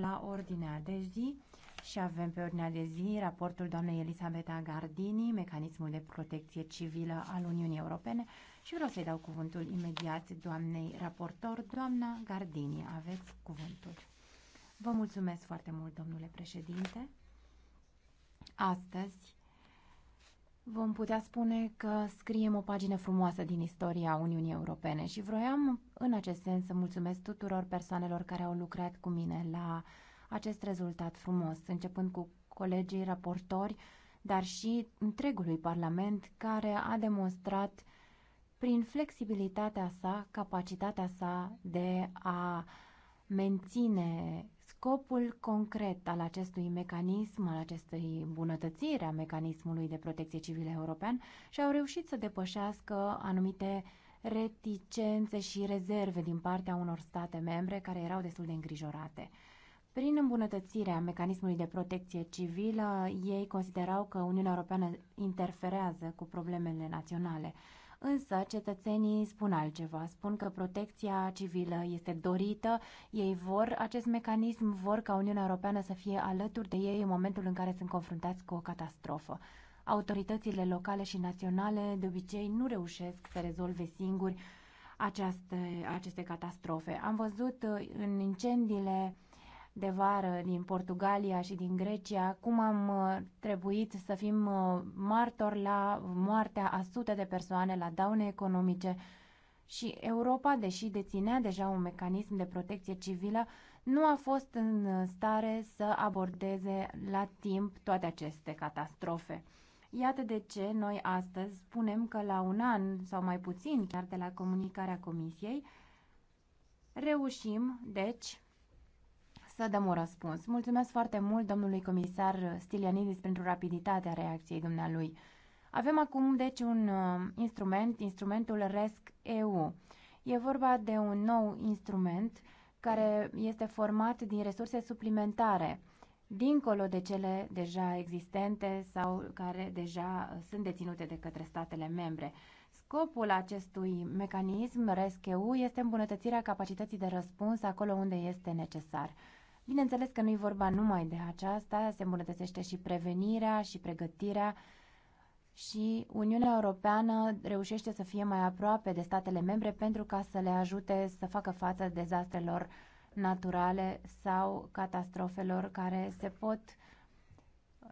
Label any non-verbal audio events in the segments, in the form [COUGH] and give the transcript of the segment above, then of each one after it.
la ordinea de zi și avem pe ordinea de zi raportul doamnei Elisabeta Gardini, mecanismul de protecție civilă al Uniunii Europene și vreau să-i dau cuvântul imediat doamnei raportor, doamna Gardini, aveți cuvântul. Vă mulțumesc foarte mult, domnule președinte. Astăzi vom putea spune că scriem o pagină frumoasă din istoria Uniunii Europene și vroiam în acest sens să mulțumesc tuturor persoanelor care au lucrat cu mine la acest rezultat frumos, începând cu colegii raportori, dar și întregului Parlament care a demonstrat prin flexibilitatea sa, capacitatea sa de a menține Scopul concret al acestui mecanism, al acestei îmbunătățiri a mecanismului de protecție civilă european și-au reușit să depășească anumite reticențe și rezerve din partea unor state membre care erau destul de îngrijorate. Prin îmbunătățirea mecanismului de protecție civilă, ei considerau că Uniunea Europeană interferează cu problemele naționale. Însă cetățenii spun altceva, spun că protecția civilă este dorită, ei vor acest mecanism, vor ca Uniunea Europeană să fie alături de ei în momentul în care sunt confruntați cu o catastrofă. Autoritățile locale și naționale de obicei nu reușesc să rezolve singuri această, aceste catastrofe. Am văzut uh, în incendiile de vară din Portugalia și din Grecia, cum am uh, trebuit să fim uh, martori la moartea a sute de persoane, la daune economice și Europa, deși deținea deja un mecanism de protecție civilă, nu a fost în stare să abordeze la timp toate aceste catastrofe. Iată de ce noi astăzi spunem că la un an sau mai puțin chiar de la comunicarea Comisiei, reușim, deci, să dăm un răspuns. Mulțumesc foarte mult domnului comisar Stilianidis pentru rapiditatea reacției dumnealui. Avem acum, deci, un uh, instrument, instrumentul RESC-EU. E vorba de un nou instrument care este format din resurse suplimentare, dincolo de cele deja existente sau care deja uh, sunt deținute de către statele membre. Scopul acestui mecanism RESC EU este îmbunătățirea capacității de răspuns acolo unde este necesar. Bineînțeles că nu-i vorba numai de aceasta, se îmbunătățește și prevenirea și pregătirea și Uniunea Europeană reușește să fie mai aproape de statele membre pentru ca să le ajute să facă față dezastrelor naturale sau catastrofelor care se pot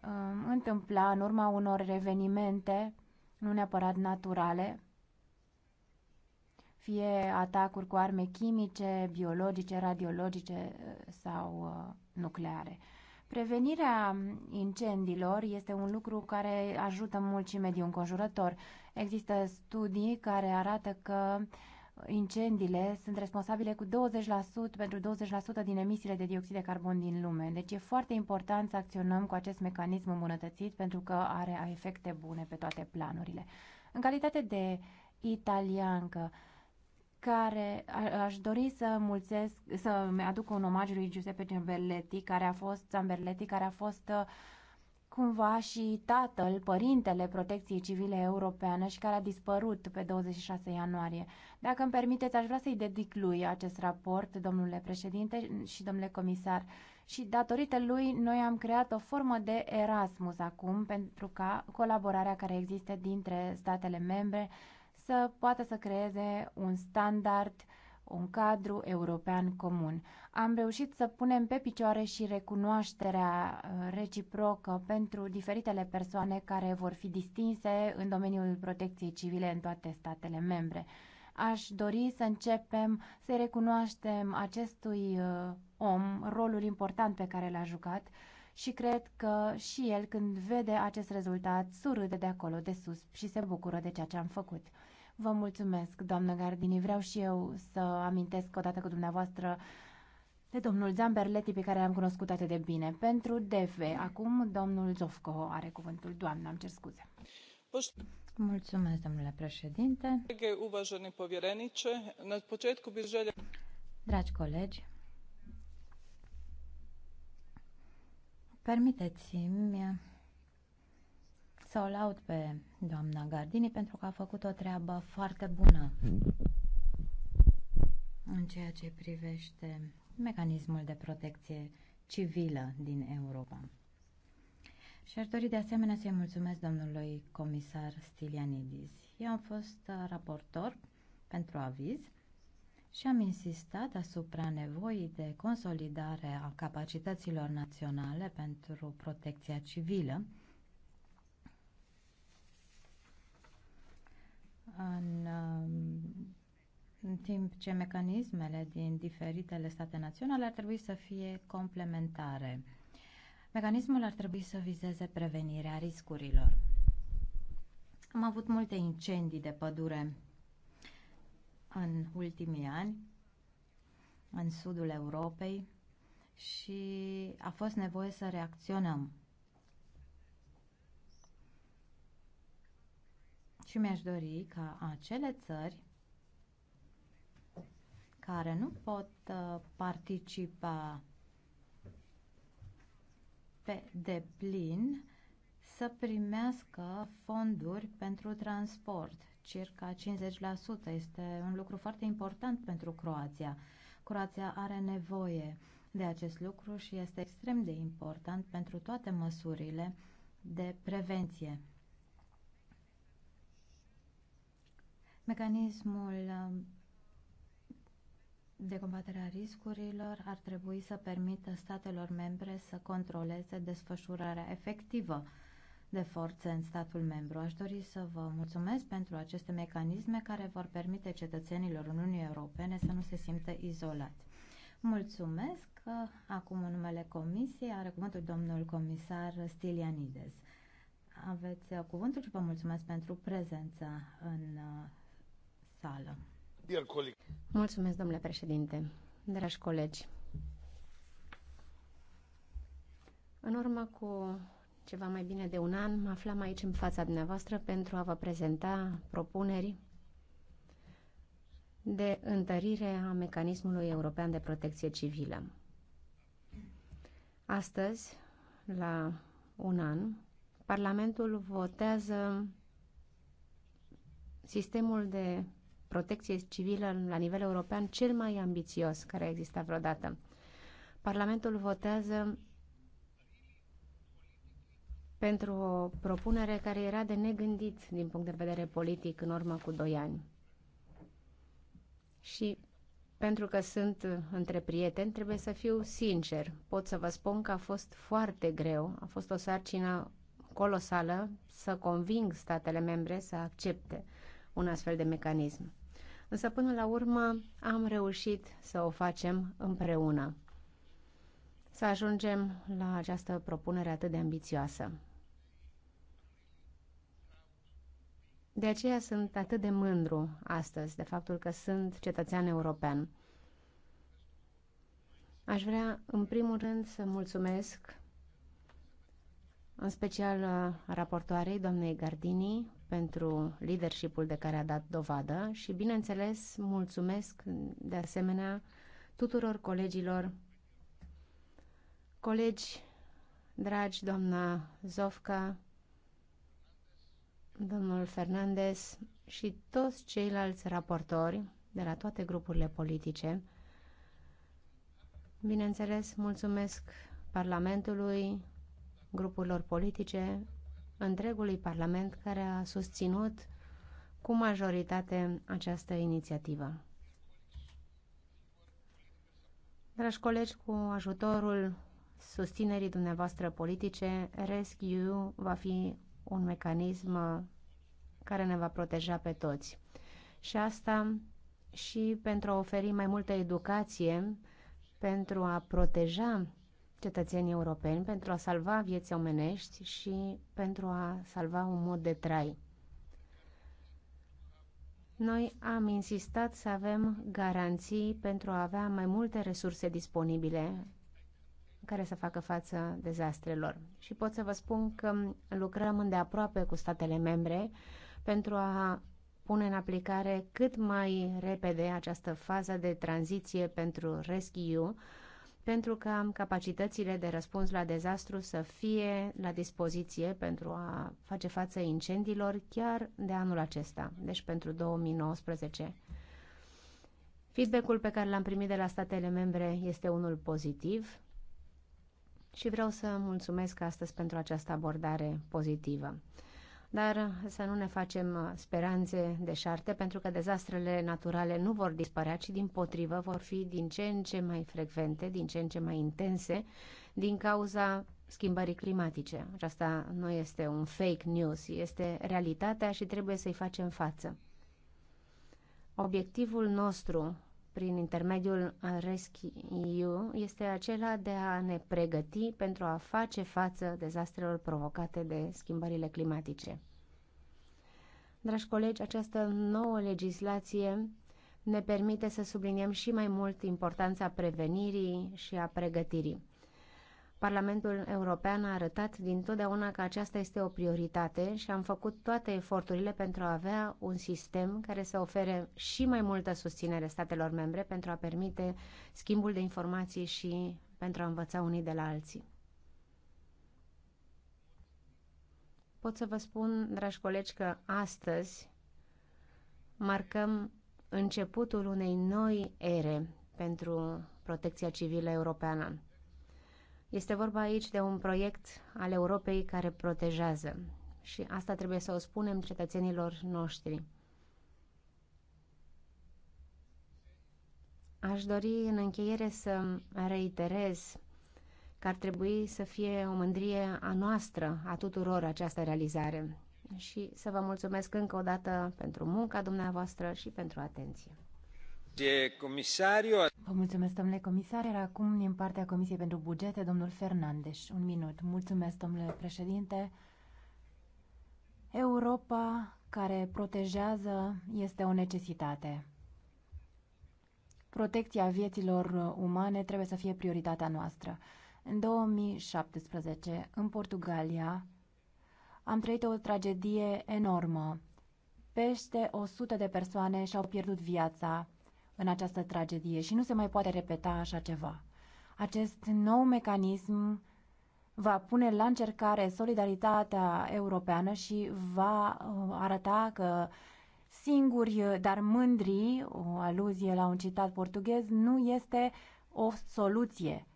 um, întâmpla în urma unor evenimente, nu neapărat naturale, fie atacuri cu arme chimice, biologice, radiologice eh, sau eh, nucleare. Prevenirea incendiilor este un lucru care ajută mult și mediul înconjurător. Există studii care arată că incendiile sunt responsabile cu 20% pentru 20% din emisiile de dioxid de carbon din lume. Deci e foarte important să acționăm cu acest mecanism îmbunătățit pentru că are efecte bune pe toate planurile. În calitate de italiancă, care aș dori să mulțesc, să mi aduc un omagiu lui Giuseppe Zamberletti, care a fost Zamberletti, care a fost uh, cumva și tatăl, părintele protecției civile europeană și care a dispărut pe 26 ianuarie. Dacă îmi permiteți, aș vrea să-i dedic lui acest raport, domnule președinte și domnule comisar. Și datorită lui, noi am creat o formă de Erasmus acum pentru ca colaborarea care există dintre statele membre să poată să creeze un standard, un cadru european comun. Am reușit să punem pe picioare și recunoașterea uh, reciprocă pentru diferitele persoane care vor fi distinse în domeniul protecției civile în toate statele membre. Aș dori să începem să recunoaștem acestui uh, om rolul important pe care l-a jucat și cred că și el, când vede acest rezultat, surâde de acolo de sus și se bucură de ceea ce am făcut. Vă mulțumesc, doamnă Gardini. Vreau și eu să amintesc odată cu dumneavoastră de domnul Zamberleti, pe care l-am cunoscut atât de bine. Pentru DV, acum domnul Zofco are cuvântul. Doamnă, am cer scuze. Mulțumesc, domnule președinte. Dragi colegi, permiteți-mi să o laud pe doamna Gardini pentru că a făcut o treabă foarte bună în ceea ce privește mecanismul de protecție civilă din Europa. Și aș dori de asemenea să-i mulțumesc domnului comisar Stilianidis. Eu am fost uh, raportor pentru aviz și am insistat asupra nevoii de consolidare a capacităților naționale pentru protecția civilă, în, um, în timp ce mecanismele din diferitele state naționale ar trebui să fie complementare. Mecanismul ar trebui să vizeze prevenirea riscurilor. Am avut multe incendii de pădure în ultimii ani în sudul Europei și a fost nevoie să reacționăm și mi-aș dori ca acele țări care nu pot uh, participa pe deplin să primească fonduri pentru transport. Circa 50% este un lucru foarte important pentru Croația. Croația are nevoie de acest lucru și este extrem de important pentru toate măsurile de prevenție. Mecanismul um, de combatere a riscurilor ar trebui să permită statelor membre să controleze desfășurarea efectivă de forțe în statul membru. Aș dori să vă mulțumesc pentru aceste mecanisme care vor permite cetățenilor Uniunii Europene să nu se simtă izolați. Mulțumesc. Acum în numele Comisiei are cuvântul domnul comisar Stilianides. Aveți uh, cuvântul și vă mulțumesc pentru prezența în uh, sală. Mulțumesc, domnule președinte. Dragi colegi, în urmă cu ceva mai bine de un an, mă aflam aici în fața dumneavoastră pentru a vă prezenta propuneri de întărire a mecanismului european de protecție civilă. Astăzi, la un an, Parlamentul votează sistemul de protecție civilă la nivel european cel mai ambițios care a existat vreodată. Parlamentul votează pentru o propunere care era de negândit din punct de vedere politic în urmă cu doi ani. Și pentru că sunt între prieteni, trebuie să fiu sincer. Pot să vă spun că a fost foarte greu, a fost o sarcină colosală să conving statele membre să accepte un astfel de mecanism. Însă până la urmă am reușit să o facem împreună, să ajungem la această propunere atât de ambițioasă. De aceea sunt atât de mândru astăzi de faptul că sunt cetățean european. Aș vrea, în primul rând, să mulțumesc în special uh, raportoarei doamnei Gardini pentru leadershipul de care a dat dovadă și, bineînțeles, mulțumesc de asemenea tuturor colegilor, colegi dragi, doamna Zofca, domnul Fernandez și toți ceilalți raportori de la toate grupurile politice. Bineînțeles, mulțumesc Parlamentului, grupurilor politice, întregului Parlament care a susținut cu majoritate această inițiativă. Dragi colegi, cu ajutorul susținerii dumneavoastră politice, Rescue va fi un mecanism care ne va proteja pe toți. Și asta și pentru a oferi mai multă educație, pentru a proteja cetățenii europeni pentru a salva vieți omenești și pentru a salva un mod de trai. Noi am insistat să avem garanții pentru a avea mai multe resurse disponibile care să facă față dezastrelor. Și pot să vă spun că lucrăm îndeaproape cu statele membre pentru a pune în aplicare cât mai repede această fază de tranziție pentru Rescue pentru ca capacitățile de răspuns la dezastru să fie la dispoziție pentru a face față incendiilor chiar de anul acesta, deci pentru 2019. Feedback-ul pe care l-am primit de la statele membre este unul pozitiv și vreau să mulțumesc astăzi pentru această abordare pozitivă dar să nu ne facem uh, speranțe deșarte, pentru că dezastrele naturale nu vor dispărea, ci din potrivă vor fi din ce în ce mai frecvente, din ce în ce mai intense, din cauza schimbării climatice. Asta nu este un fake news, este realitatea și trebuie să-i facem față. Obiectivul nostru prin intermediul Rescue este acela de a ne pregăti pentru a face față dezastrelor provocate de schimbările climatice. Dragi colegi, această nouă legislație ne permite să subliniem și mai mult importanța prevenirii și a pregătirii. Parlamentul European a arătat dintotdeauna că aceasta este o prioritate și am făcut toate eforturile pentru a avea un sistem care să ofere și mai multă susținere statelor membre pentru a permite schimbul de informații și pentru a învăța unii de la alții. Pot să vă spun, dragi colegi, că astăzi marcăm începutul unei noi ere pentru protecția civilă europeană. Este vorba aici de un proiect al Europei care protejează și asta trebuie să o spunem cetățenilor noștri. Aș dori în încheiere să reiterez că ar trebui să fie o mândrie a noastră, a tuturor, această realizare. Și să vă mulțumesc încă o dată pentru munca dumneavoastră și pentru atenție. Vă mulțumesc, domnule comisar. Era acum din partea Comisiei pentru Bugete, domnul Fernandes. Un minut. Mulțumesc, domnule președinte. Europa care protejează este o necesitate. Protecția vieților umane trebuie să fie prioritatea noastră. În 2017, în Portugalia, am trăit o tragedie enormă. Peste 100 de persoane și-au pierdut viața în această tragedie și nu se mai poate repeta așa ceva. Acest nou mecanism va pune la încercare solidaritatea europeană și va uh, arăta că singuri, uh, dar mândri, o aluzie la un citat portughez, nu este o soluție.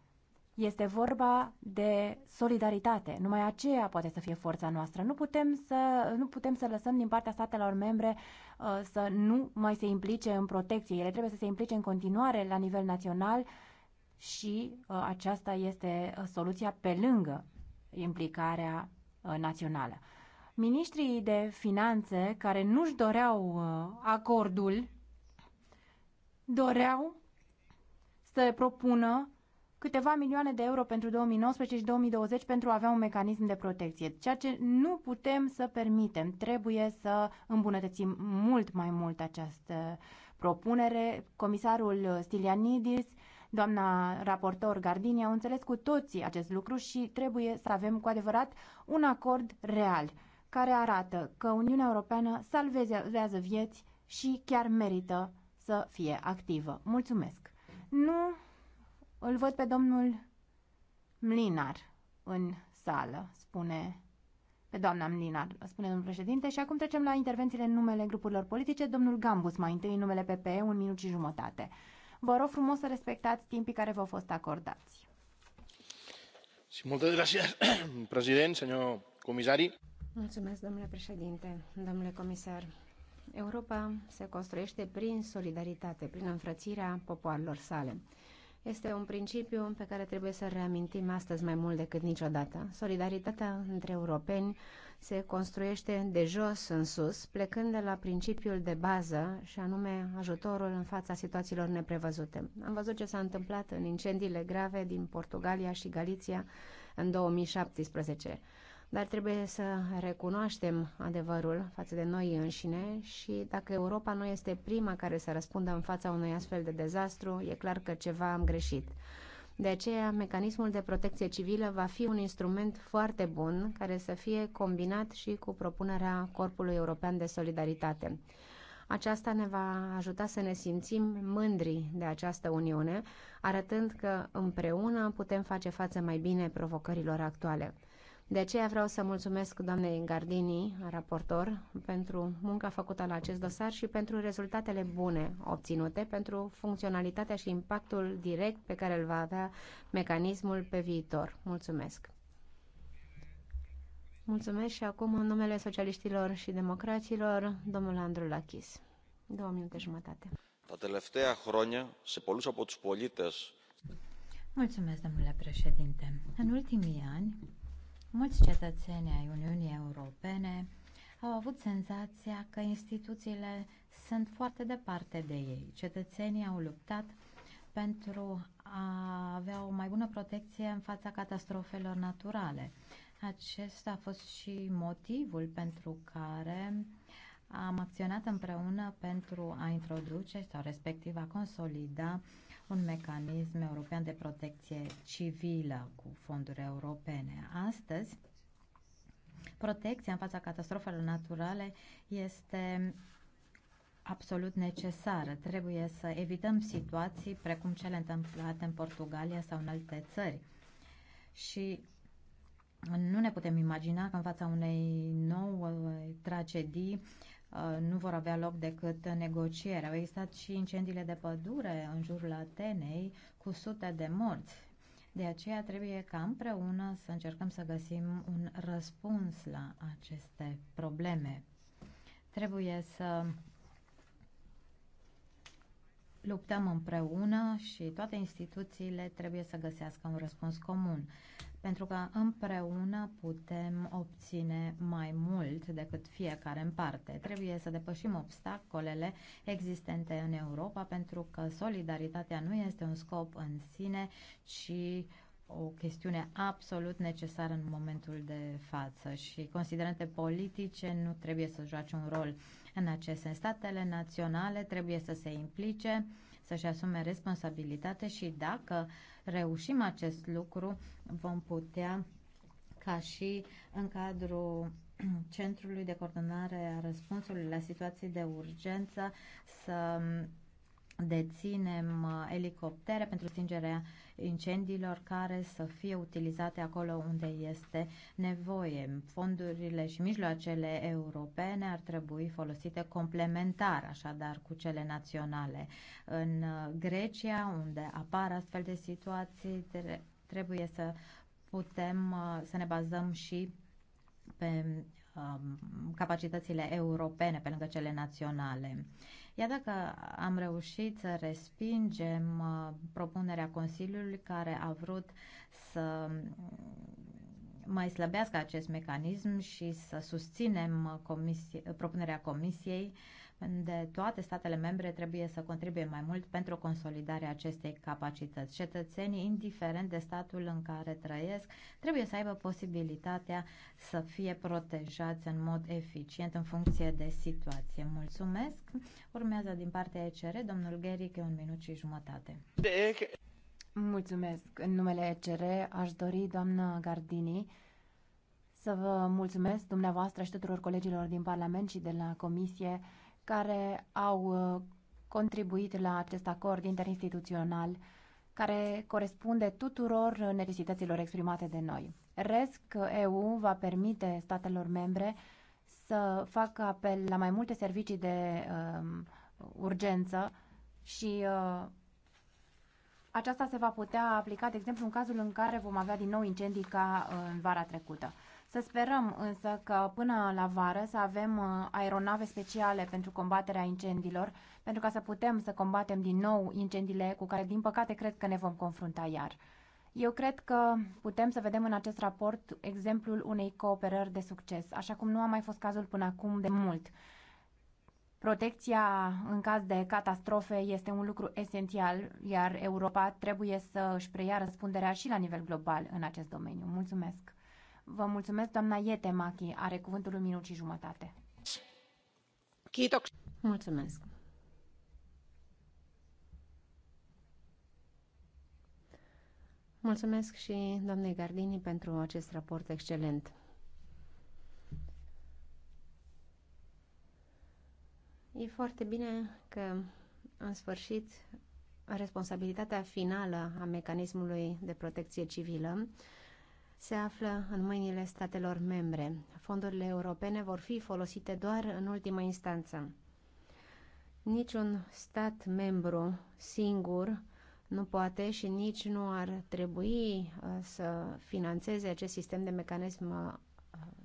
Este vorba de solidaritate. Numai aceea poate să fie forța noastră. Nu putem să, nu putem să lăsăm din partea statelor membre uh, să nu mai se implice în protecție. Ele trebuie să se implice în continuare la nivel național și uh, aceasta este uh, soluția pe lângă implicarea națională. Ministrii de finanțe care nu-și doreau acordul doreau să propună câteva milioane de euro pentru 2019 și 2020 pentru a avea un mecanism de protecție, ceea ce nu putem să permitem. Trebuie să îmbunătățim mult mai mult această propunere. Comisarul Stilianidis, doamna raportor Gardini au înțeles cu toții acest lucru și trebuie să avem cu adevărat un acord real care arată că Uniunea Europeană salvează vieți și chiar merită să fie activă. Mulțumesc! Nu îl văd pe domnul Mlinar în sală, spune pe doamna Mlinar, spune domnul președinte, și acum trecem la intervențiile în numele grupurilor politice. Domnul Gambus, mai întâi în numele PPE, un minut și jumătate. Vă rog frumos să respectați timpii care v-au fost acordați. Și multe [COUGHS] președinte, senor comisari. Mulțumesc, domnule președinte, domnule comisar. Europa se construiește prin solidaritate, prin înfrățirea popoarelor sale. Este un principiu pe care trebuie să reamintim astăzi mai mult decât niciodată. Solidaritatea între europeni se construiește de jos în sus, plecând de la principiul de bază și anume ajutorul în fața situațiilor neprevăzute. Am văzut ce s-a întâmplat în incendiile grave din Portugalia și Galiția în 2017 dar trebuie să recunoaștem adevărul față de noi înșine și dacă Europa nu este prima care să răspundă în fața unui astfel de dezastru, e clar că ceva am greșit. De aceea, mecanismul de protecție civilă va fi un instrument foarte bun care să fie combinat și cu propunerea Corpului European de Solidaritate. Aceasta ne va ajuta să ne simțim mândri de această Uniune, arătând că împreună putem face față mai bine provocărilor actuale. De aceea vreau să mulțumesc doamnei Gardini, raportor, pentru munca făcută la acest dosar și pentru rezultatele bune obținute, pentru funcționalitatea și impactul direct pe care îl va avea mecanismul pe viitor. Mulțumesc! Mulțumesc și acum în numele socialiștilor și democraților, domnul Andru Lachis. Două minute jumătate. Τα τελευταία χρόνια, se πολλούς από τους Mulțumesc, domnule președinte. În ultimii ani, Mulți cetățeni ai Uniunii Europene au avut senzația că instituțiile sunt foarte departe de ei. Cetățenii au luptat pentru a avea o mai bună protecție în fața catastrofelor naturale. Acesta a fost și motivul pentru care am acționat împreună pentru a introduce sau respectiv a consolida un mecanism european de protecție civilă cu fonduri europene. Astăzi, protecția în fața catastrofelor naturale este absolut necesară. Trebuie să evităm situații precum cele întâmplate în Portugalia sau în alte țări. Și nu ne putem imagina că în fața unei noi tragedii Uh, nu vor avea loc decât negocieri. Au existat și incendiile de pădure în jurul Atenei cu sute de morți. De aceea trebuie ca împreună să încercăm să găsim un răspuns la aceste probleme. Trebuie să luptăm împreună și toate instituțiile trebuie să găsească un răspuns comun pentru că împreună putem obține mai mult decât fiecare în parte. Trebuie să depășim obstacolele existente în Europa, pentru că solidaritatea nu este un scop în sine, ci o chestiune absolut necesară în momentul de față și considerente politice nu trebuie să joace un rol în acest sens. Statele naționale trebuie să se implice să-și asume responsabilitate și dacă reușim acest lucru, vom putea ca și în cadrul [CLEARS THROAT] Centrului de Coordonare a Răspunsului la Situații de Urgență să deținem uh, elicoptere pentru stingerea incendiilor care să fie utilizate acolo unde este nevoie. Fondurile și mijloacele europene ar trebui folosite complementar, așadar, cu cele naționale. În uh, Grecia, unde apar astfel de situații, trebuie să putem uh, să ne bazăm și pe um, capacitățile europene pe lângă cele naționale. Iar dacă am reușit să respingem uh, propunerea Consiliului care a vrut să mm, mai slăbească acest mecanism și să susținem uh, comisie, propunerea Comisiei unde toate statele membre trebuie să contribuie mai mult pentru consolidarea acestei capacități. Cetățenii, indiferent de statul în care trăiesc, trebuie să aibă posibilitatea să fie protejați în mod eficient în funcție de situație. Mulțumesc! Urmează din partea ECR, domnul Gheric, un minut și jumătate. Mulțumesc! În numele ECR aș dori, doamnă Gardini, să vă mulțumesc dumneavoastră și tuturor colegilor din Parlament și de la Comisie care au uh, contribuit la acest acord interinstituțional care corespunde tuturor necesităților exprimate de noi. RESC uh, EU va permite statelor membre să facă apel la mai multe servicii de uh, urgență și uh, aceasta se va putea aplica, de exemplu, în cazul în care vom avea din nou incendii ca uh, în vara trecută. Să sperăm însă că până la vară să avem uh, aeronave speciale pentru combaterea incendiilor, pentru ca să putem să combatem din nou incendiile cu care, din păcate, cred că ne vom confrunta iar. Eu cred că putem să vedem în acest raport exemplul unei cooperări de succes, așa cum nu a mai fost cazul până acum de mult. Protecția în caz de catastrofe este un lucru esențial, iar Europa trebuie să își preia răspunderea și la nivel global în acest domeniu. Mulțumesc! Vă mulțumesc, doamna Iete Machi. Are cuvântul un minut și jumătate. Mulțumesc! Mulțumesc și doamnei Gardini pentru acest raport excelent. E foarte bine că, în sfârșit, responsabilitatea finală a mecanismului de protecție civilă se află în mâinile statelor membre. Fondurile europene vor fi folosite doar în ultima instanță. Niciun stat membru singur nu poate și nici nu ar trebui uh, să financeze acest sistem de mecanism uh,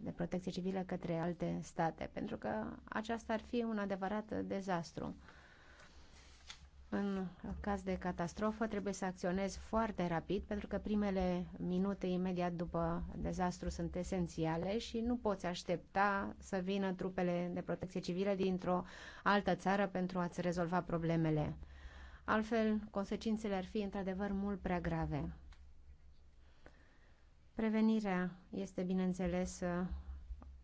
de protecție civilă către alte state, pentru că aceasta ar fi un adevărat dezastru. În caz de catastrofă trebuie să acționezi foarte rapid pentru că primele minute imediat după dezastru sunt esențiale și nu poți aștepta să vină trupele de protecție civilă dintr-o altă țară pentru a-ți rezolva problemele. Altfel, consecințele ar fi într-adevăr mult prea grave. Prevenirea este, bineînțeles,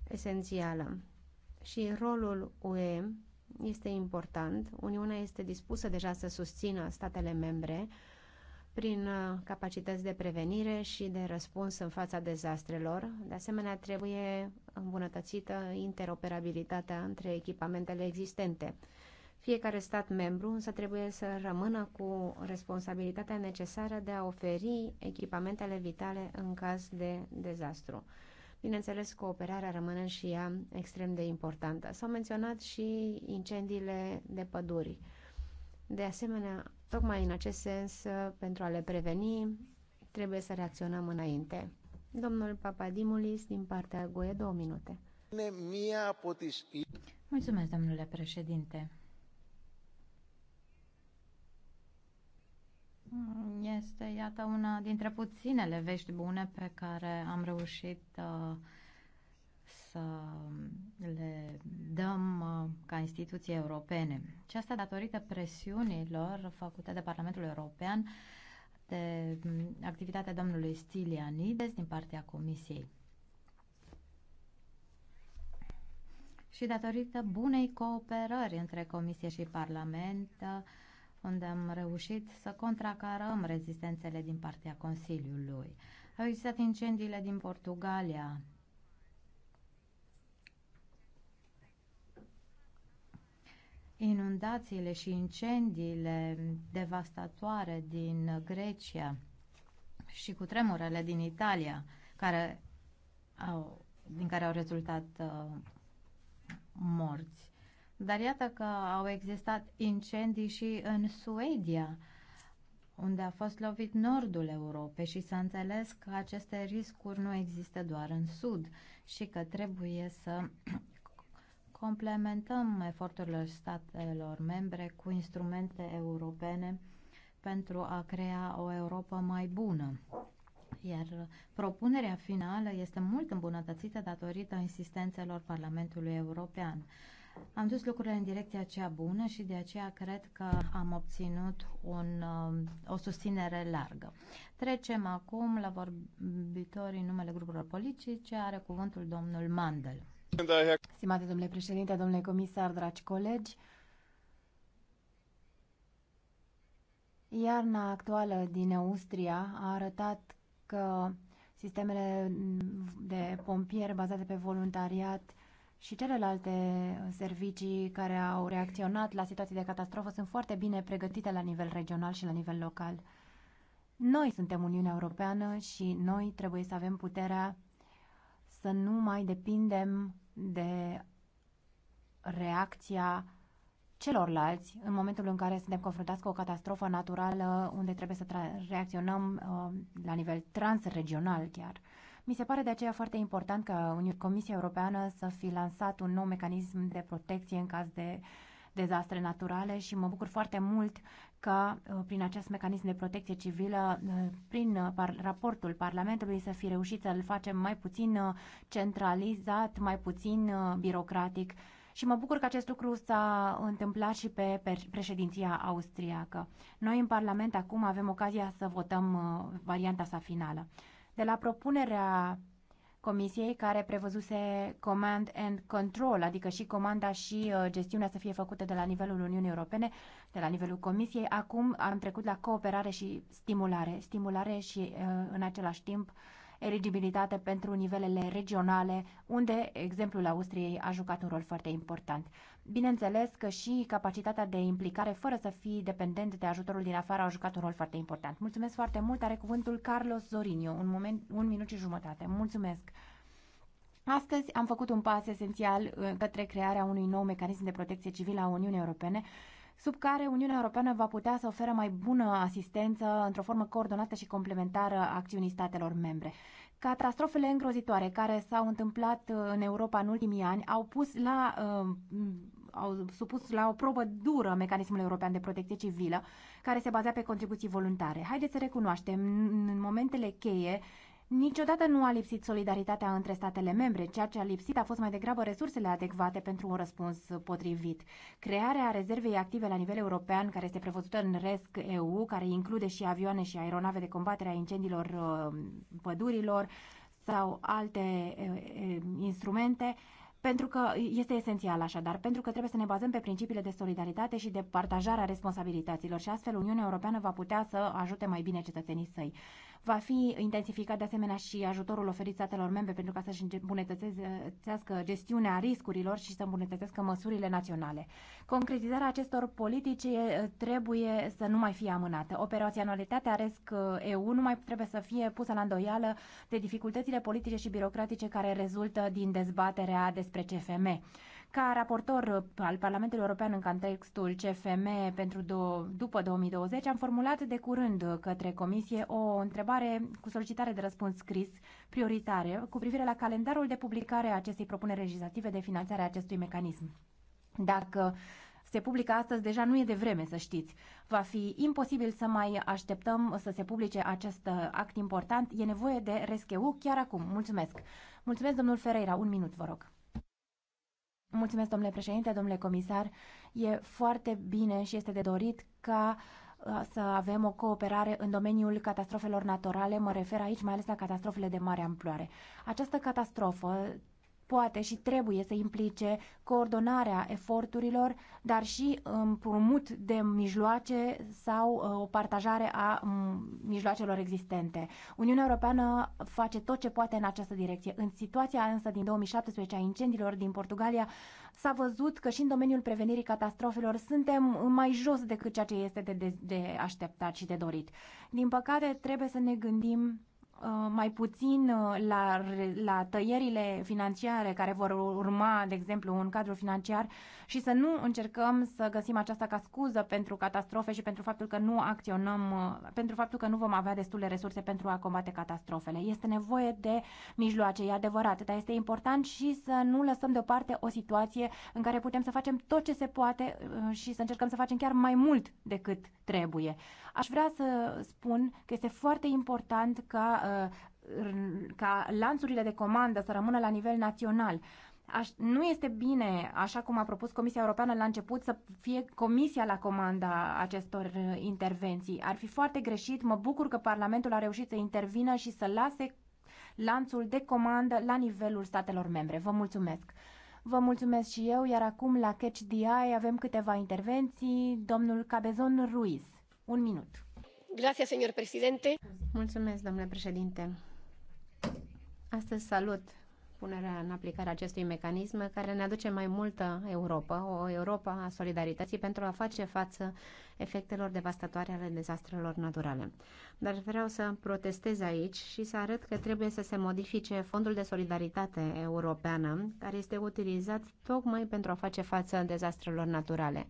esențială și rolul UE este important. Uniunea este dispusă deja să susțină statele membre prin uh, capacități de prevenire și de răspuns în fața dezastrelor. De asemenea, trebuie îmbunătățită interoperabilitatea între echipamentele existente. Fiecare stat membru însă trebuie să rămână cu responsabilitatea necesară de a oferi echipamentele vitale în caz de dezastru. Bineînțeles, cooperarea rămâne și ea extrem de importantă. S-au menționat și incendiile de păduri. De asemenea, tocmai în acest sens, pentru a le preveni, trebuie să reacționăm înainte. Domnul Papadimulis, din partea GUE, două minute. Mulțumesc, domnule președinte. Mm, este, iată, una dintre puținele vești bune pe care am reușit uh, să le dăm uh, ca instituții europene. Și asta datorită presiunilor făcute de Parlamentul European de mm, activitatea domnului Stilianides din partea Comisiei. Și datorită bunei cooperări între Comisie și Parlament, uh, unde am reușit să contracarăm rezistențele din partea Consiliului. Au existat incendiile din Portugalia, inundațiile și incendiile devastatoare din Grecia și cu tremurele din Italia, care au, din care au rezultat uh, morți. Dar iată că au existat incendii și în Suedia, unde a fost lovit nordul Europei și s-a înțeles că aceste riscuri nu există doar în sud și că trebuie să [CLEARS THROAT] complementăm eforturile statelor membre cu instrumente europene pentru a crea o Europa mai bună. Iar propunerea finală este mult îmbunătățită datorită insistențelor Parlamentului European. Am dus lucrurile în direcția cea bună și de aceea cred că am obținut un, um, o susținere largă. Trecem acum la vorbitorii în numele grupurilor politice. Are cuvântul domnul Mandel. Stimate domnule președinte, domnule comisar, dragi colegi, Iarna actuală din Austria a arătat că sistemele de pompieri bazate pe voluntariat și celelalte servicii care au reacționat la situații de catastrofă sunt foarte bine pregătite la nivel regional și la nivel local. Noi suntem Uniunea Europeană și noi trebuie să avem puterea să nu mai depindem de reacția celorlalți în momentul în care suntem confruntați cu o catastrofă naturală unde trebuie să reacționăm uh, la nivel transregional chiar. Mi se pare de aceea foarte important ca Comisia Europeană să fi lansat un nou mecanism de protecție în caz de dezastre naturale și mă bucur foarte mult ca uh, prin acest mecanism de protecție civilă, uh, prin uh, par raportul Parlamentului să fi reușit să-l facem mai puțin centralizat, mai puțin birocratic și mă bucur că acest lucru s-a întâmplat și pe președinția austriacă. Noi în Parlament acum avem ocazia să votăm varianta sa finală. De la propunerea Comisiei care prevăzuse command and control, adică și comanda și uh, gestiunea să fie făcute de la nivelul Uniunii Europene, de la nivelul Comisiei. Acum am trecut la cooperare și stimulare. Stimulare și uh, în același timp eligibilitate pentru nivelele regionale, unde exemplul Austriei a jucat un rol foarte important. Bineînțeles că și capacitatea de implicare fără să fii dependent de ajutorul din afară a jucat un rol foarte important. Mulțumesc foarte mult. Are cuvântul Carlos Zorinio. Un, moment, un minut și jumătate. Mulțumesc. Astăzi am făcut un pas esențial uh, către crearea unui nou mecanism de protecție civilă a Uniunii Europene sub care Uniunea Europeană va putea să oferă mai bună asistență într-o formă coordonată și complementară acțiunii statelor membre. Catastrofele îngrozitoare care s-au întâmplat uh, în Europa în ultimii ani au pus la uh, au supus la o probă dură mecanismul european de protecție civilă, care se bazea pe contribuții voluntare. Haideți să recunoaștem, în momentele cheie Niciodată nu a lipsit solidaritatea între statele membre, ceea ce a lipsit a fost mai degrabă resursele adecvate pentru un răspuns potrivit. Crearea rezervei active la nivel european, care este prevăzută în RESC EU, care include și avioane și aeronave de combatere a incendiilor uh, pădurilor sau alte uh, uh, instrumente, pentru că este esențial așadar, pentru că trebuie să ne bazăm pe principiile de solidaritate și de partajare a responsabilităților și astfel Uniunea Europeană va putea să ajute mai bine cetățenii săi. Va fi intensificat de asemenea și ajutorul oferit statelor membre pentru ca să-și îmbunătățească gestiunea riscurilor și să îmbunătățească măsurile naționale. Concretizarea acestor politici trebuie să nu mai fie amânată. Operaționalitatea RESC EU nu mai trebuie să fie pusă la îndoială de dificultățile politice și birocratice care rezultă din dezbaterea despre CFM. Ca raportor uh, al Parlamentului European în contextul CFM pentru do- după 2020, am formulat de curând uh, către Comisie o întrebare cu solicitare de răspuns scris prioritare cu privire la calendarul de publicare a acestei propuneri legislative de finanțare a acestui mecanism. Dacă se publică astăzi, deja nu e de vreme să știți. Va fi imposibil să mai așteptăm să se publice acest uh, act important. E nevoie de rescheu chiar acum. Mulțumesc. Mulțumesc, domnul Ferreira. Un minut, vă rog. Mulțumesc, domnule președinte, domnule comisar. E foarte bine și este de dorit ca uh, să avem o cooperare în domeniul catastrofelor naturale, mă refer aici mai ales la catastrofele de mare amploare. Această catastrofă poate și trebuie să implice coordonarea eforturilor, dar și împrumut de mijloace sau uh, o partajare a mijloacelor existente. Uniunea Europeană face tot ce poate în această direcție. În situația însă din 2017 a incendiilor din Portugalia s-a văzut că și în domeniul prevenirii catastrofelor suntem mai jos decât ceea ce este de, de, de așteptat și de dorit. Din păcate, trebuie să ne gândim Uh, mai puțin uh, la, la tăierile financiare care vor urma, de exemplu, un cadru financiar și să nu încercăm să găsim aceasta ca scuză pentru catastrofe și pentru faptul că nu acționăm, uh, pentru faptul că nu vom avea destule resurse pentru a combate catastrofele. Este nevoie de mijloace, e adevărat, dar este important și să nu lăsăm deoparte o situație în care putem să facem tot ce se poate și să încercăm să facem chiar mai mult decât trebuie. Aș vrea să spun că este foarte important ca Uh, ca lanțurile de comandă să rămână la nivel național. Aș, nu este bine, așa cum a propus Comisia Europeană la început, să fie Comisia la comanda acestor uh, intervenții. Ar fi foarte greșit. Mă bucur că Parlamentul a reușit să intervină și să lase lanțul de comandă la nivelul statelor membre. Vă mulțumesc! Vă mulțumesc și eu, iar acum la Catch DI avem câteva intervenții. Domnul Cabezon Ruiz, un minut președinte. Mulțumesc, domnule președinte. Astăzi salut punerea în aplicare acestui mecanism care ne aduce mai multă Europa, o Europa a solidarității pentru a face față efectelor devastatoare ale dezastrelor naturale. Dar vreau să protestez aici și să arăt că trebuie să se modifice Fondul de Solidaritate Europeană, care este utilizat tocmai pentru a face față dezastrelor naturale.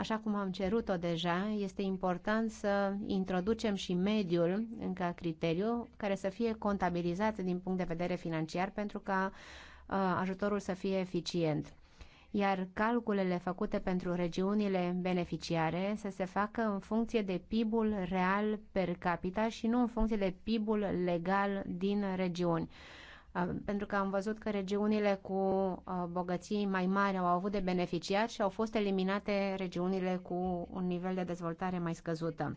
Așa cum am cerut-o deja, este important să introducem și mediul ca criteriu care să fie contabilizat din punct de vedere financiar pentru ca uh, ajutorul să fie eficient iar calculele făcute pentru regiunile beneficiare să se facă în funcție de PIB-ul real per capita și nu în funcție de PIB-ul legal din regiuni pentru că am văzut că regiunile cu bogății mai mari au avut de beneficiat și au fost eliminate regiunile cu un nivel de dezvoltare mai scăzută.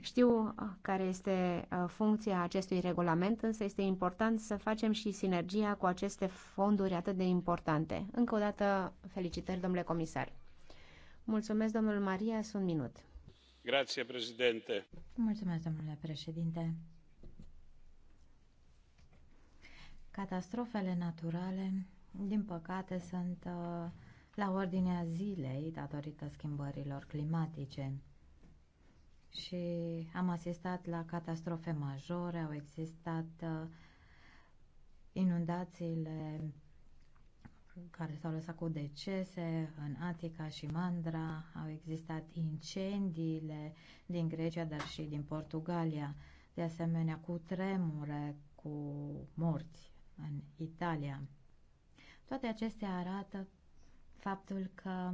Știu care este funcția acestui regulament, însă este important să facem și sinergia cu aceste fonduri atât de importante. Încă o dată, felicitări, domnule comisar. Mulțumesc, domnul Maria, sunt minut. Grație, președinte. Mulțumesc, domnule președinte. Catastrofele naturale, din păcate, sunt uh, la ordinea zilei datorită schimbărilor climatice. Și am asistat la catastrofe majore, au existat uh, inundațiile care s-au lăsat cu decese în Atica și Mandra, au existat incendiile din Grecia, dar și din Portugalia, de asemenea cu tremure, cu morți în Italia. Toate acestea arată faptul că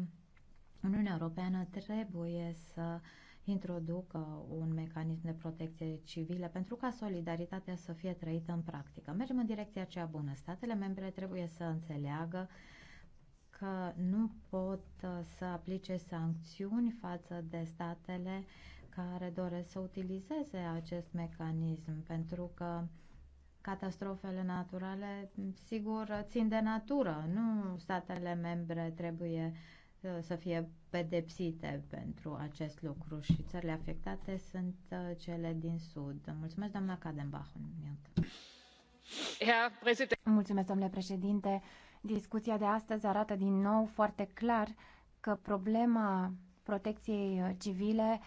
Uniunea Europeană trebuie să introducă un mecanism de protecție civilă pentru ca solidaritatea să fie trăită în practică. Mergem în direcția cea bună. Statele membre trebuie să înțeleagă că nu pot uh, să aplice sancțiuni față de statele care doresc să utilizeze acest mecanism, pentru că uh, Catastrofele naturale, sigur, țin de natură. Nu statele membre trebuie uh, să fie pedepsite pentru acest lucru și țările afectate sunt uh, cele din Sud. Mulțumesc, doamna Kadenbach. Mulțumesc, domnule președinte. Discuția de astăzi arată din nou foarte clar că problema protecției uh, civile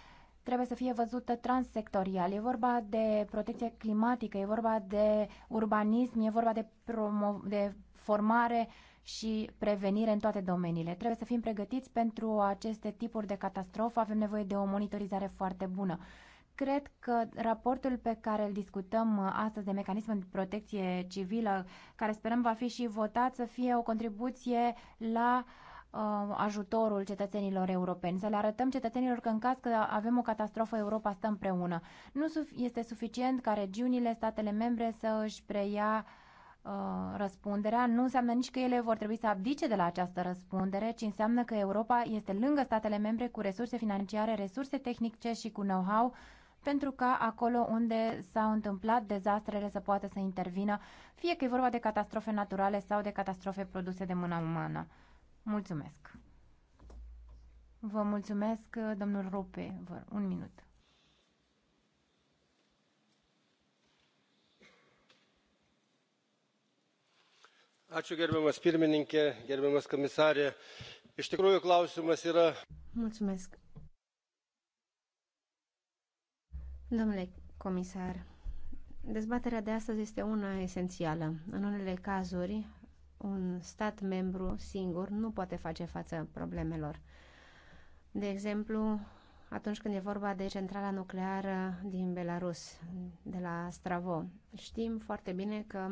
trebuie să fie văzută transsectorial. E vorba de protecție climatică, e vorba de urbanism, e vorba de, promo- de formare și prevenire în toate domeniile. Trebuie să fim pregătiți pentru aceste tipuri de catastrofă, avem nevoie de o monitorizare foarte bună. Cred că raportul pe care îl discutăm astăzi de mecanism de protecție civilă, care sperăm va fi și votat, să fie o contribuție la uh, Uh, ajutorul cetățenilor europeni, să le arătăm cetățenilor că în caz că avem o catastrofă, Europa stă împreună. Nu este suficient ca regiunile, statele membre să își preia uh, răspunderea, nu înseamnă nici că ele vor trebui să abdice de la această răspundere, ci înseamnă că Europa este lângă statele membre cu resurse financiare, resurse tehnice și cu know-how pentru ca acolo unde s-au întâmplat dezastrele să poată să intervină, fie că e vorba de catastrofe naturale sau de catastrofe produse de mâna umană. Mulțumesc. Vă mulțumesc, domnul Rope. Vă, un minut. Ačiū gerbiamas pirmininkė, gerbiamas komisarė. Iš tikrųjų, klausimas yra. Mulțumesc. Domnule comisar, dezbaterea de astăzi este una esențială. În unele cazuri, un stat membru singur nu poate face față problemelor. De exemplu, atunci când e vorba de centrala nucleară din Belarus, de la Stravo. Știm foarte bine că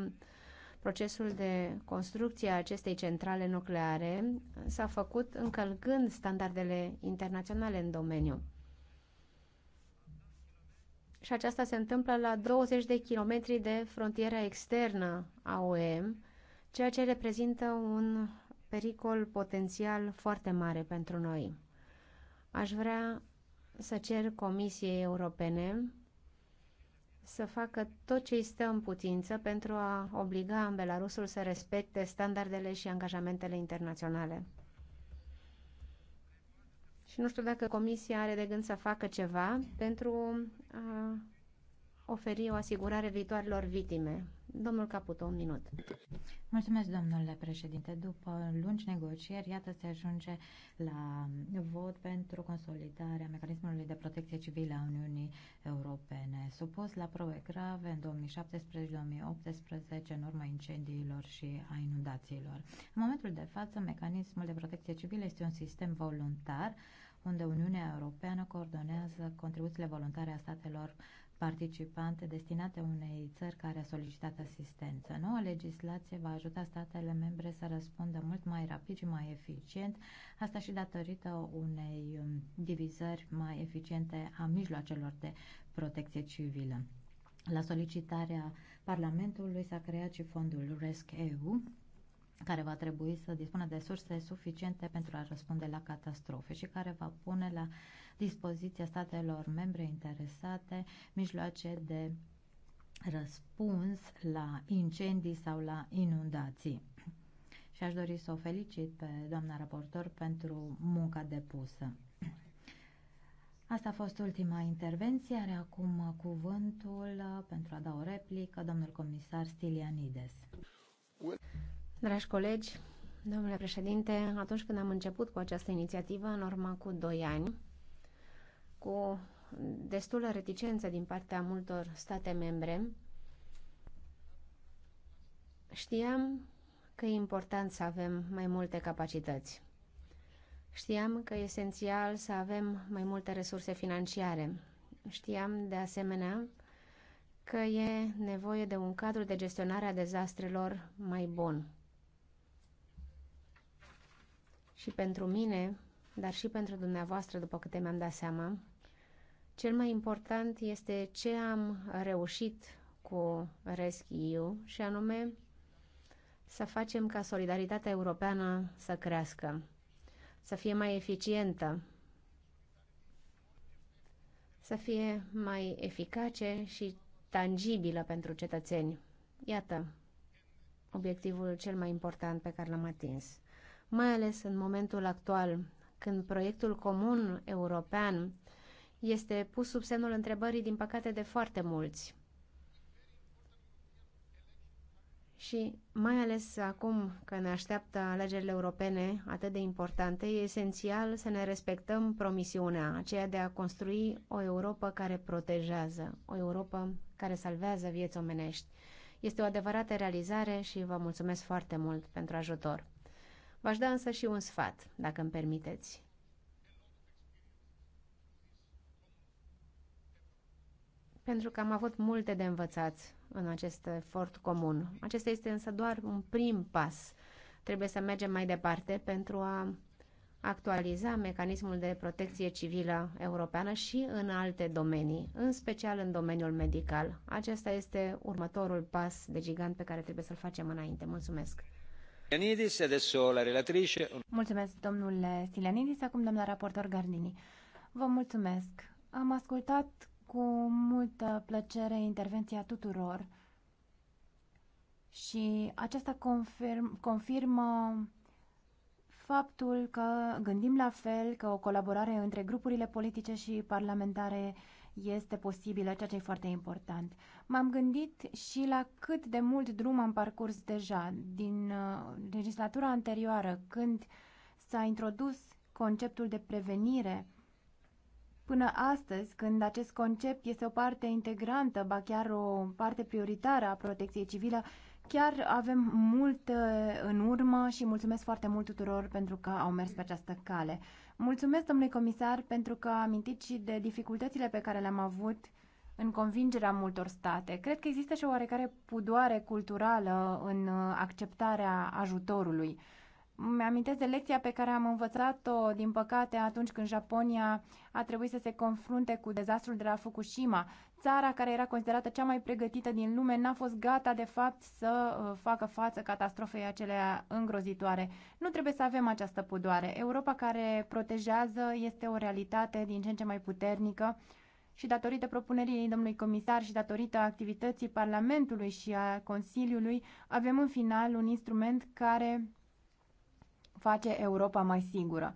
procesul de construcție a acestei centrale nucleare s-a făcut încălcând standardele internaționale în domeniu. Și aceasta se întâmplă la 20 de kilometri de frontiera externă a OEM, ceea ce reprezintă un pericol potențial foarte mare pentru noi. Aș vrea să cer Comisiei Europene să facă tot ce îi stă în putință pentru a obliga Belarusul să respecte standardele și angajamentele internaționale. Și nu știu dacă Comisia are de gând să facă ceva pentru a oferi o asigurare viitoarelor victime. Domnul Caputo, un minut. Mulțumesc, domnule președinte. După lungi negocieri, iată se ajunge la vot pentru consolidarea mecanismului de protecție civilă a Uniunii Europene. Supus la probe grave în 2017-2018 în urma incendiilor și a inundațiilor. În momentul de față, mecanismul de protecție civilă este un sistem voluntar unde Uniunea Europeană coordonează contribuțiile voluntare a statelor participante destinate unei țări care a solicitat asistență. Noua legislație va ajuta statele membre să răspundă mult mai rapid și mai eficient, asta și datorită unei um, divizări mai eficiente a mijloacelor de protecție civilă. La solicitarea Parlamentului s-a creat și fondul RESC-EU, care va trebui să dispună de surse suficiente pentru a răspunde la catastrofe și care va pune la dispoziția statelor membre interesate mijloace de răspuns la incendii sau la inundații. Și aș dori să o felicit pe doamna raportor pentru munca depusă. Asta a fost ultima intervenție, are acum cuvântul pentru a da o replică domnul comisar Stilianides. Dragi colegi, domnule președinte, atunci când am început cu această inițiativă, în urmă cu 2 ani, cu destulă reticență din partea multor state membre, știam că e important să avem mai multe capacități. Știam că e esențial să avem mai multe resurse financiare. Știam, de asemenea, că e nevoie de un cadru de gestionare a dezastrelor mai bun. Și pentru mine, dar și pentru dumneavoastră, după câte mi-am dat seama, cel mai important este ce am reușit cu Rescue și anume să facem ca solidaritatea europeană să crească, să fie mai eficientă, să fie mai eficace și tangibilă pentru cetățeni. Iată obiectivul cel mai important pe care l-am atins mai ales în momentul actual, când proiectul comun european este pus sub semnul întrebării, din păcate, de foarte mulți. Și mai ales acum că ne așteaptă alegerile europene atât de importante, e esențial să ne respectăm promisiunea aceea de a construi o Europa care protejează, o Europa care salvează vieți omenești. Este o adevărată realizare și vă mulțumesc foarte mult pentru ajutor. V-aș da însă și un sfat, dacă îmi permiteți. Pentru că am avut multe de învățat în acest efort comun. Acesta este însă doar un prim pas. Trebuie să mergem mai departe pentru a actualiza mecanismul de protecție civilă europeană și în alte domenii, în special în domeniul medical. Acesta este următorul pas de gigant pe care trebuie să-l facem înainte. Mulțumesc! Mulțumesc, domnule Silianidis, acum doamna raportor Gardini. Vă mulțumesc. Am ascultat cu multă plăcere intervenția tuturor și aceasta confirm, confirmă faptul că gândim la fel, că o colaborare între grupurile politice și parlamentare este posibilă, ceea ce e foarte important. M-am gândit și la cât de mult drum am parcurs deja din uh, legislatura anterioară, când s-a introdus conceptul de prevenire Până astăzi, când acest concept este o parte integrantă, ba chiar o parte prioritară a protecției civilă, chiar avem mult uh, în urmă și mulțumesc foarte mult tuturor pentru că au mers pe această cale. Mulțumesc, domnule comisar, pentru că a amintit și de dificultățile pe care le-am avut în convingerea multor state. Cred că există și o oarecare pudoare culturală în uh, acceptarea ajutorului. Mi-amintesc de lecția pe care am învățat-o, din păcate, atunci când Japonia a trebuit să se confrunte cu dezastrul de la Fukushima. Țara care era considerată cea mai pregătită din lume n-a fost gata, de fapt, să uh, facă față catastrofei acelea îngrozitoare. Nu trebuie să avem această pudoare. Europa care protejează este o realitate din ce în ce mai puternică și datorită propunerii domnului comisar și datorită activității Parlamentului și a Consiliului, avem în final un instrument care face Europa mai sigură.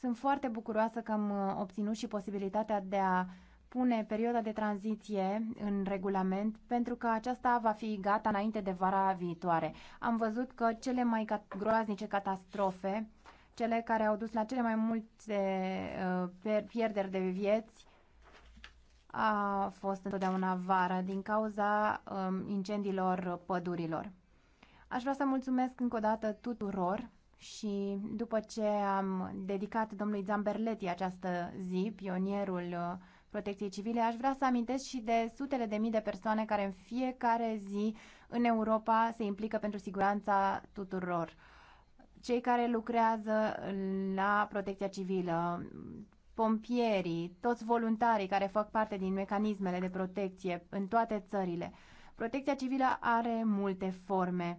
Sunt foarte bucuroasă că am uh, obținut și posibilitatea de a pune perioada de tranziție în regulament pentru că aceasta va fi gata înainte de vara viitoare. Am văzut că cele mai groaznice catastrofe, cele care au dus la cele mai multe uh, pierderi de vieți, a fost întotdeauna vară din cauza um, incendiilor pădurilor. Aș vrea să mulțumesc încă o dată tuturor și după ce am dedicat domnului Zamberleti această zi, pionierul uh, protecției civile, aș vrea să amintesc și de sutele de mii de persoane care în fiecare zi în Europa se implică pentru siguranța tuturor. Cei care lucrează la protecția civilă, pompierii, toți voluntarii care fac parte din mecanismele de protecție în toate țările. Protecția civilă are multe forme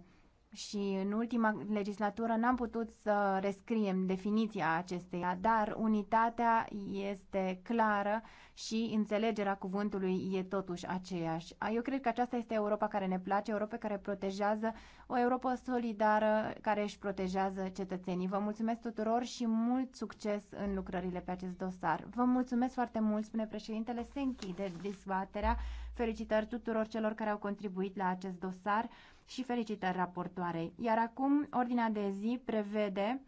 și în ultima legislatură n-am putut să rescriem definiția acesteia, dar unitatea este clară și înțelegerea cuvântului e totuși aceeași. Eu cred că aceasta este Europa care ne place, Europa care protejează, o Europa solidară care își protejează cetățenii. Vă mulțumesc tuturor și mult succes în lucrările pe acest dosar. Vă mulțumesc foarte mult, spune președintele, se închide dezbaterea. Felicitări tuturor celor care au contribuit la acest dosar și felicitări raportoarei. Iar acum, ordinea de zi prevede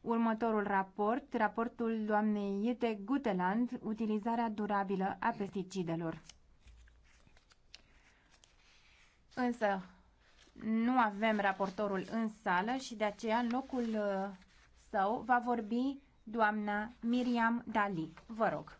următorul raport, raportul doamnei Iete Guteland, utilizarea durabilă a pesticidelor. Însă, nu avem raportorul în sală și de aceea în locul uh, său va vorbi doamna Miriam Dali. Vă rog.